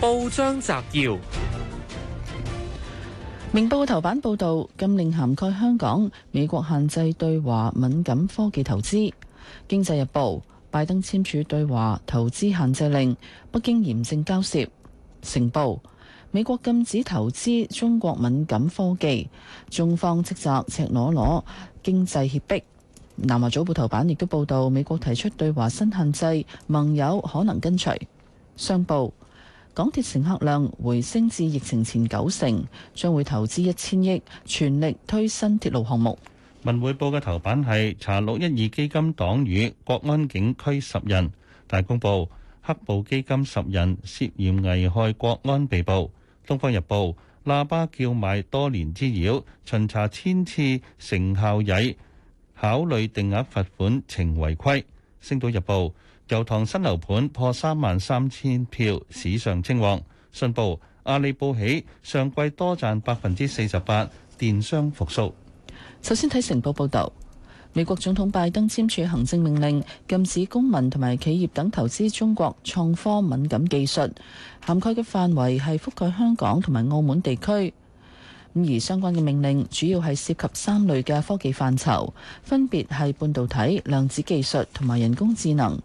報章摘要：明報頭版報道，禁令涵蓋香港、美國限制對華敏感科技投資。經濟日報拜登簽署對華投資限制令，北京嚴正交涉。成報美國禁止投資中國敏感科技，中方斥責赤，赤裸裸經濟脅迫。南華早報頭版亦都報道美國提出對華新限制，盟友可能跟隨。商報港鐵乘客量回升至疫情前九成，將會投資一千億，全力推新鐵路項目。文匯報嘅頭版係查六一二基金黨羽，國安警拘十人。大公報黑暴基金十人涉嫌危害國安被捕。東方日報喇叭叫賣多年之擾，巡查千次成效矮，考慮定額罰款情違規。星島日報。油塘新樓盤破三萬三千票，史上稱旺，信報阿里報喜，上季多賺百分之四十八，電商復蘇。首先睇成報報道，美國總統拜登簽署行政命令，禁止公民同埋企業等投資中國創科敏感技術，涵蓋嘅範圍係覆蓋香港同埋澳門地區。咁而相關嘅命令主要係涉及三類嘅科技範疇，分別係半導體、量子技術同埋人工智能。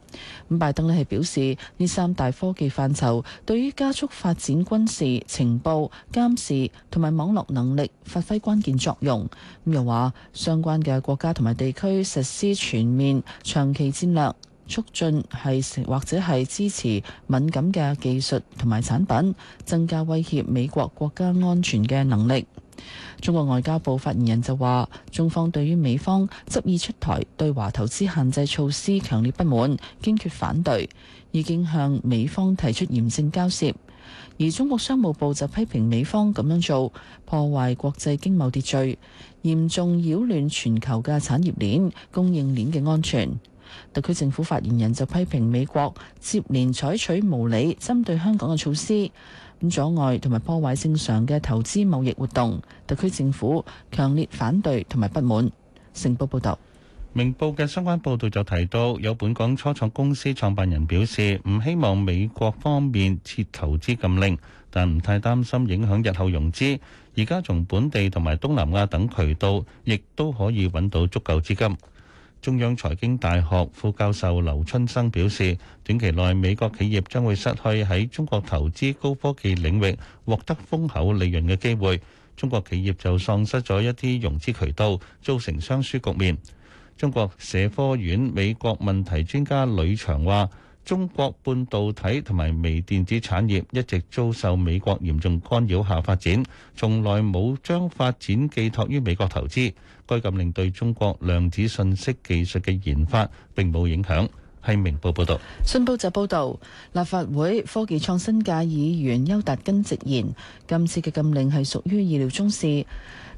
咁拜登呢係表示，呢三大科技範疇對於加速發展軍事情報監視同埋網絡能力發揮關鍵作用。咁又話相關嘅國家同埋地區實施全面長期戰略。促進係或者係支持敏感嘅技術同埋產品，增加威脅美國國家安全嘅能力。中國外交部發言人就話：中方對於美方執意出台對華投資限制措施，強烈不滿，堅決反對，已經向美方提出嚴正交涉。而中國商務部就批評美方咁樣做，破壞國際經貿秩序，嚴重擾亂全球嘅產業鏈、供應鏈嘅安全。特區政府發言人就批評美國接連採取無理針對香港嘅措施，咁阻礙同埋破壞正常嘅投資貿易活動，特區政府強烈反對同埋不滿。成報報道，明報嘅相關報道就提到，有本港初創公司創辦人表示，唔希望美國方面設投資禁令，但唔太擔心影響日後融資。而家從本地同埋東南亞等渠道，亦都可以揾到足夠資金。中央財經大學副教授劉春生表示，短期內美國企業將會失去喺中國投資高科技領域獲得豐厚利潤嘅機會，中國企業就喪失咗一啲融資渠道，造成雙輸局面。中國社科院美國問題專家呂祥話。中國半導體同埋微電子產業一直遭受美國嚴重干擾下發展，從來冇將發展寄託於美國投資。該禁令對中國量子信息技術嘅研發並冇影響。《明報》報道，信報就報道，立法會科技創新界議員邱達根直言，今次嘅禁令係屬於意料中事。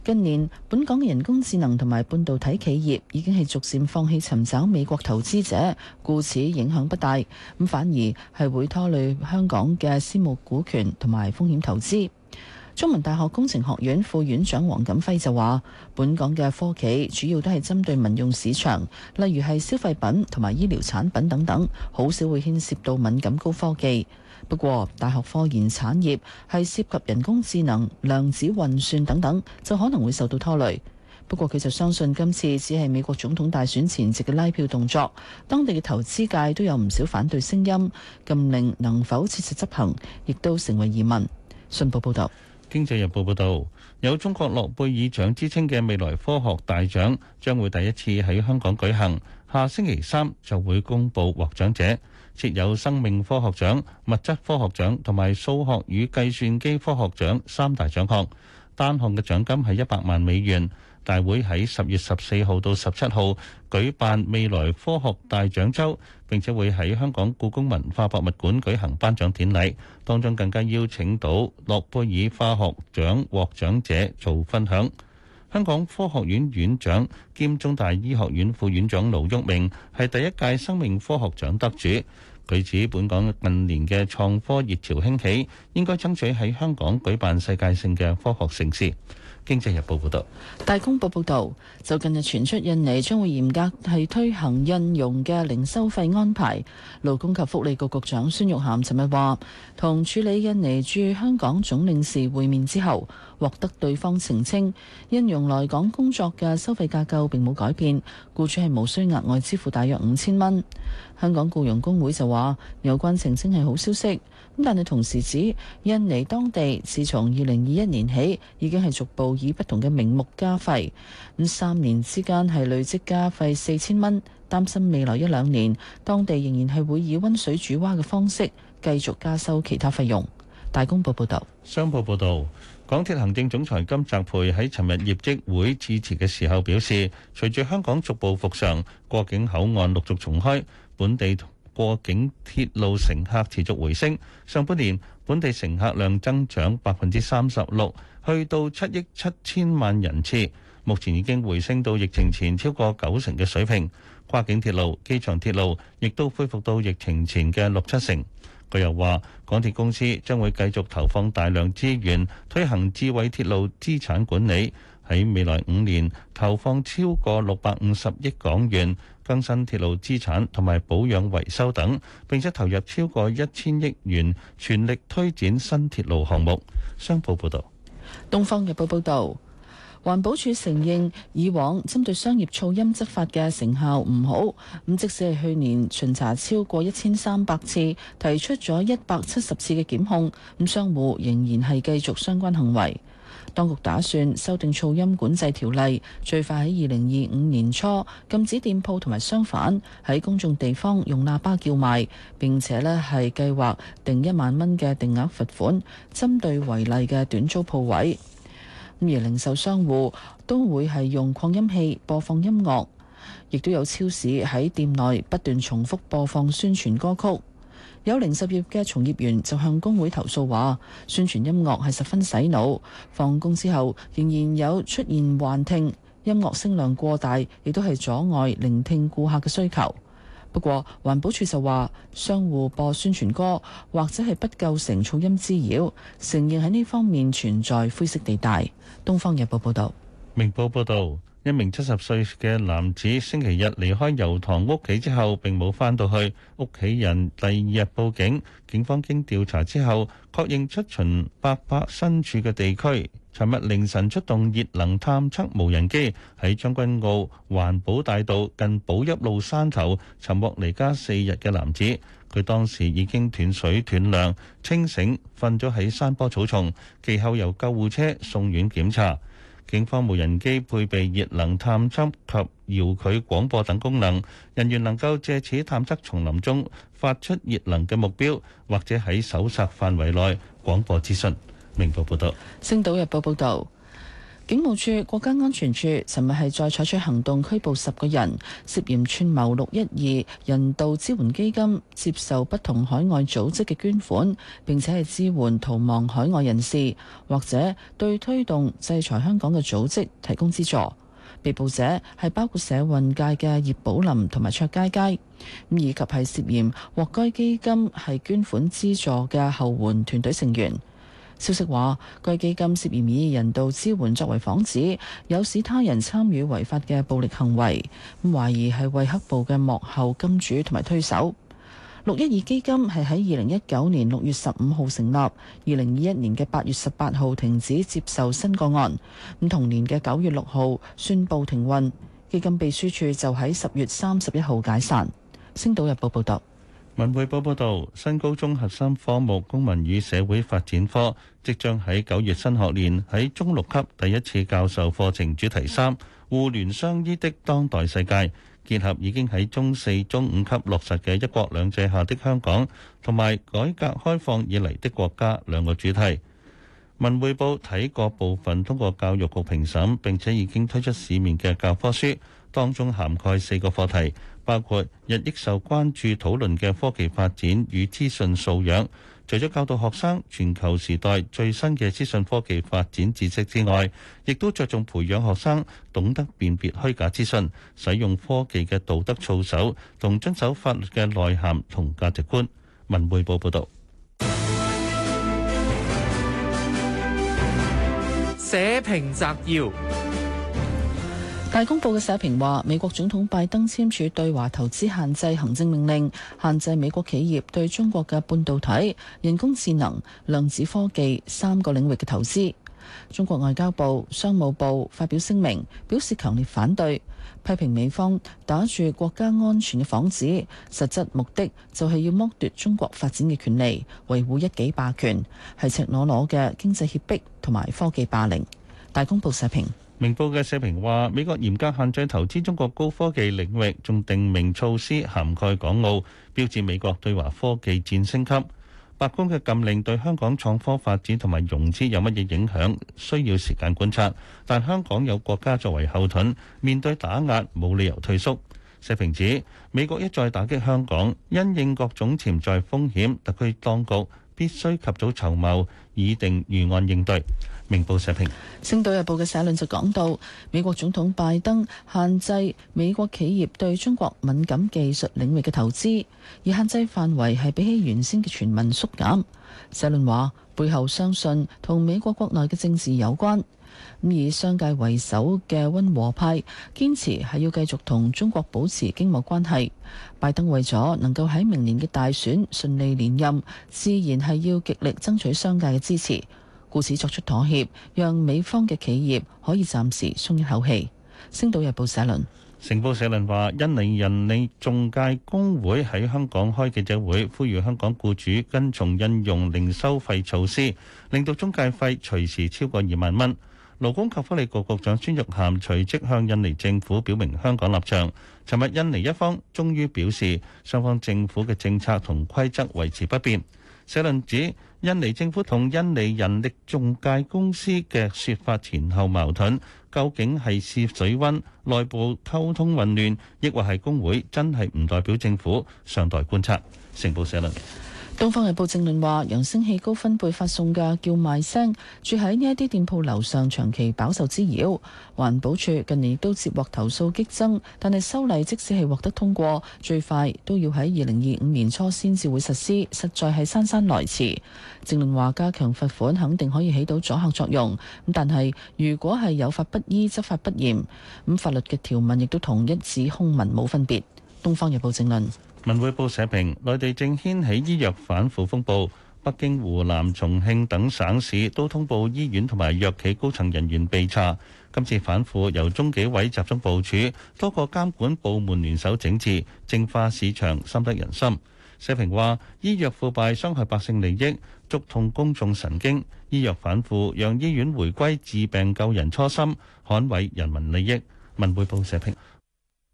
近年，本港人工智能同埋半導體企業已經係逐漸放棄尋找美國投資者，故此影響不大。咁反而係會拖累香港嘅私募股權同埋風險投資。中文大學工程學院副院長黃錦輝就話，本港嘅科企主要都係針對民用市場，例如係消費品同埋醫療產品等等，好少會牽涉到敏感高科技。不過，大學科研產業係涉及人工智能、量子運算等等，就可能會受到拖累。不過，佢就相信今次只係美國總統大選前夕嘅拉票動作。當地嘅投資界都有唔少反對聲音，禁令能否切實執行，亦都成為疑問。信報報道。經濟日報報導，有中國諾貝爾獎之稱嘅未來科學大獎將會第一次喺香港舉行，下星期三就會公布獲獎者，設有生命科學獎、物質科學獎同埋數學與計算機科學獎三大獎項，單項嘅獎金係一百萬美元。大會喺十月十四號到十七號舉辦未來科學大獎周，並且會喺香港故宮文化博物館舉行頒獎典禮，當中更加邀請到諾貝爾化學獎獲獎者做分享。香港科學院院長兼中大醫學院副院長盧煜明係第一屆生命科學獎得主。佢指本港近年嘅創科熱潮興起，應該爭取喺香港舉辦世界性嘅科學盛事。經濟日報報道，大公報報道，就近日傳出印尼將會嚴格係推行印傭嘅零收費安排，勞工及福利局局局長孫玉菡尋日話，同處理印尼駐香港總領事會面之後。獲得對方澄清，印尼來港工作嘅收費架構並冇改變，僱主係無需額外支付大約五千蚊。香港僱傭公會就話，有關澄清係好消息，咁但係同時指印尼當地自從二零二一年起已經係逐步以不同嘅名目加費，咁三年之間係累積加費四千蚊，擔心未來一兩年當地仍然係會以溫水煮蛙嘅方式繼續加收其他費用。大公報報道。商報報道。港鐵行政總裁金澤培喺尋日業績會致辭嘅時候表示，隨住香港逐步復常，過境口岸陸續重開，本地同過境鐵路乘客持續回升。上半年本地乘客量增長百分之三十六，去到七億七千萬人次，目前已經回升到疫情前超過九成嘅水平。跨境鐵路、機場鐵路亦都恢復到疫情前嘅六七成。佢又話：港鐵公司將會繼續投放大量資源推行智慧鐵路資產管理，喺未來五年投放超過六百五十億港元更新鐵路資產同埋保養維修等，並且投入超過一千億元全力推展新鐵路項目。商報報道，東方日報報道。環保署承認以往針對商業噪音執法嘅成效唔好，咁即使係去年巡查超過一千三百次，提出咗一百七十次嘅檢控，咁商戶仍然係繼續相關行為。當局打算修訂噪音管制條例，最快喺二零二五年初禁止店鋪同埋商販喺公眾地方用喇叭叫賣，並且咧係計劃定一萬蚊嘅定額罰款，針對違例嘅短租鋪位。咁而零售商戶都會係用擴音器播放音樂，亦都有超市喺店內不斷重複播放宣傳歌曲。有零售業嘅從業員就向工會投訴話，宣傳音樂係十分洗腦，放工之後仍然有出現幻聽，音樂聲量過大，亦都係阻礙聆聽顧客嘅需求。不過，環保署就話，商戶播宣傳歌或者係不構成噪音滋擾，承認喺呢方面存在灰色地帶。《東方日報》報道。《明報》報道，一名七十歲嘅男子星期日離開油塘屋企之後並冇返到去，屋企人第二日報警，警方經調查之後確認出巡伯伯身處嘅地區。尋日凌晨出動熱能探測無人機喺將軍澳環保大道近寶邑路山頭尋獲離家四日嘅男子，佢當時已經斷水斷糧，清醒瞓咗喺山坡草叢，其後由救護車送院檢查。警方無人機配備熱能探測及遙距廣播等功能，人員能夠藉此探測叢林中發出熱能嘅目標，或者喺搜查範圍內廣播資訊。明報報道，《星島日報》報道：警務處國家安全處尋日係再採取行動拘捕十個人，涉嫌串謀六一二人道支援基金接受不同海外組織嘅捐款，並且係支援逃亡海外人士，或者對推動制裁香港嘅組織提供資助。被捕者係包括社運界嘅葉寶林同埋卓佳佳，以及係涉嫌獲該基金係捐款資助嘅後援團隊成員。消息話，該基金涉嫌以人道支援作為幌子，誘使他人參與違法嘅暴力行為，咁懷疑係為黑暴嘅幕後金主同埋推手。六一二基金係喺二零一九年六月十五號成立，二零二一年嘅八月十八號停止接受新個案，咁同年嘅九月六號宣布停運，基金秘書處就喺十月三十一號解散。星島日報報道。文匯報報道，新高中核心科目公民與社會發展科，即將喺九月新學年喺中六級第一次教授課程主題三：互聯相依的當代世界，結合已經喺中四、中五級落實嘅一國兩制下的香港，同埋改革開放以嚟的國家兩個主題。文匯報睇過部分通過教育局評審，並且已經推出市面嘅教科書，當中涵蓋四個課題。包括日益受關注討論嘅科技發展與資訊素養，除咗教導學生全球時代最新嘅資訊科技發展知識之外，亦都着重培養學生懂得辨別虛假資訊、使用科技嘅道德操守同遵守法律嘅內涵同價值觀。文匯報報導。社評摘要。大公報嘅社評話：美國總統拜登簽署對華投資限制行政命令，限制美國企業對中國嘅半導體、人工智能、量子科技三個領域嘅投資。中國外交部、商務部發表聲明，表示強烈反對，批評美方打住國家安全嘅幌子，實質目的就係要剝奪中國發展嘅權利，維護一己霸權，係赤裸裸嘅經濟脅迫同埋科技霸凌。大公報社評。明報嘅社評話：美國嚴格限制投資中國高科技領域，仲定明措施涵蓋港澳，標誌美國對華科技戰升級。白宮嘅禁令對香港創科發展同埋融資有乜嘢影響？需要時間觀察。但香港有國家作為後盾，面對打壓冇理由退縮。社評指美國一再打擊香港，因應各種潛在風險，特區當局必須及早籌謀，以定預案應對。明報社評，《星島日報》嘅社論就講到，美國總統拜登限制美國企業對中國敏感技術領域嘅投資，而限制範圍係比起原先嘅全民縮減。社論話，背後相信同美國國內嘅政治有關。咁以商界為首嘅溫和派堅持係要繼續同中國保持經貿關係。拜登為咗能夠喺明年嘅大選順利連任，自然係要極力爭取商界嘅支持。故事作出妥協，讓美方嘅企業可以暫時鬆一口氣。星島日報社論。成報社論話，印尼人力中介工會喺香港開記者會呼籲香港僱主跟從應用零收費措施，令到中介費隨時超過二萬蚊。勞工及福利局局長孫玉涵隨即向印尼政府表明香港立場，尋日印尼一方終於表示，雙方政府嘅政策同規則維持不變。社論指，印尼政府同印尼人力中介公司嘅說法前後矛盾，究竟係試水溫、內部溝通混亂，抑或係工會真係唔代表政府？尚待觀察。成報社論。《東方日報》正論話，揚聲器高分貝發送嘅叫賣聲，住喺呢一啲店鋪樓上，長期飽受滋擾。環保署近年亦都接獲投訴激增，但係修例即使係獲得通過，最快都要喺二零二五年初先至會實施，實在係姍姍來遲。正論話，加強罰款肯定可以起到阻嚇作用，咁但係如果係有法不依、執法不嚴，咁法律嘅條文亦都同一紙空文冇分別。《東方日報》正論。文匯報社評：內地正掀起醫藥反腐風暴，北京、湖南、重慶等省市都通報醫院同埋藥企高層人員被查。今次反腐由中紀委集中部署，多個監管部門聯手整治，淨化市場，深得人心。社評話：醫藥腐敗傷害百姓利益，觸痛公眾神經；醫藥反腐讓醫院回歸治病救人初心，捍衛人民利益。文匯報社評。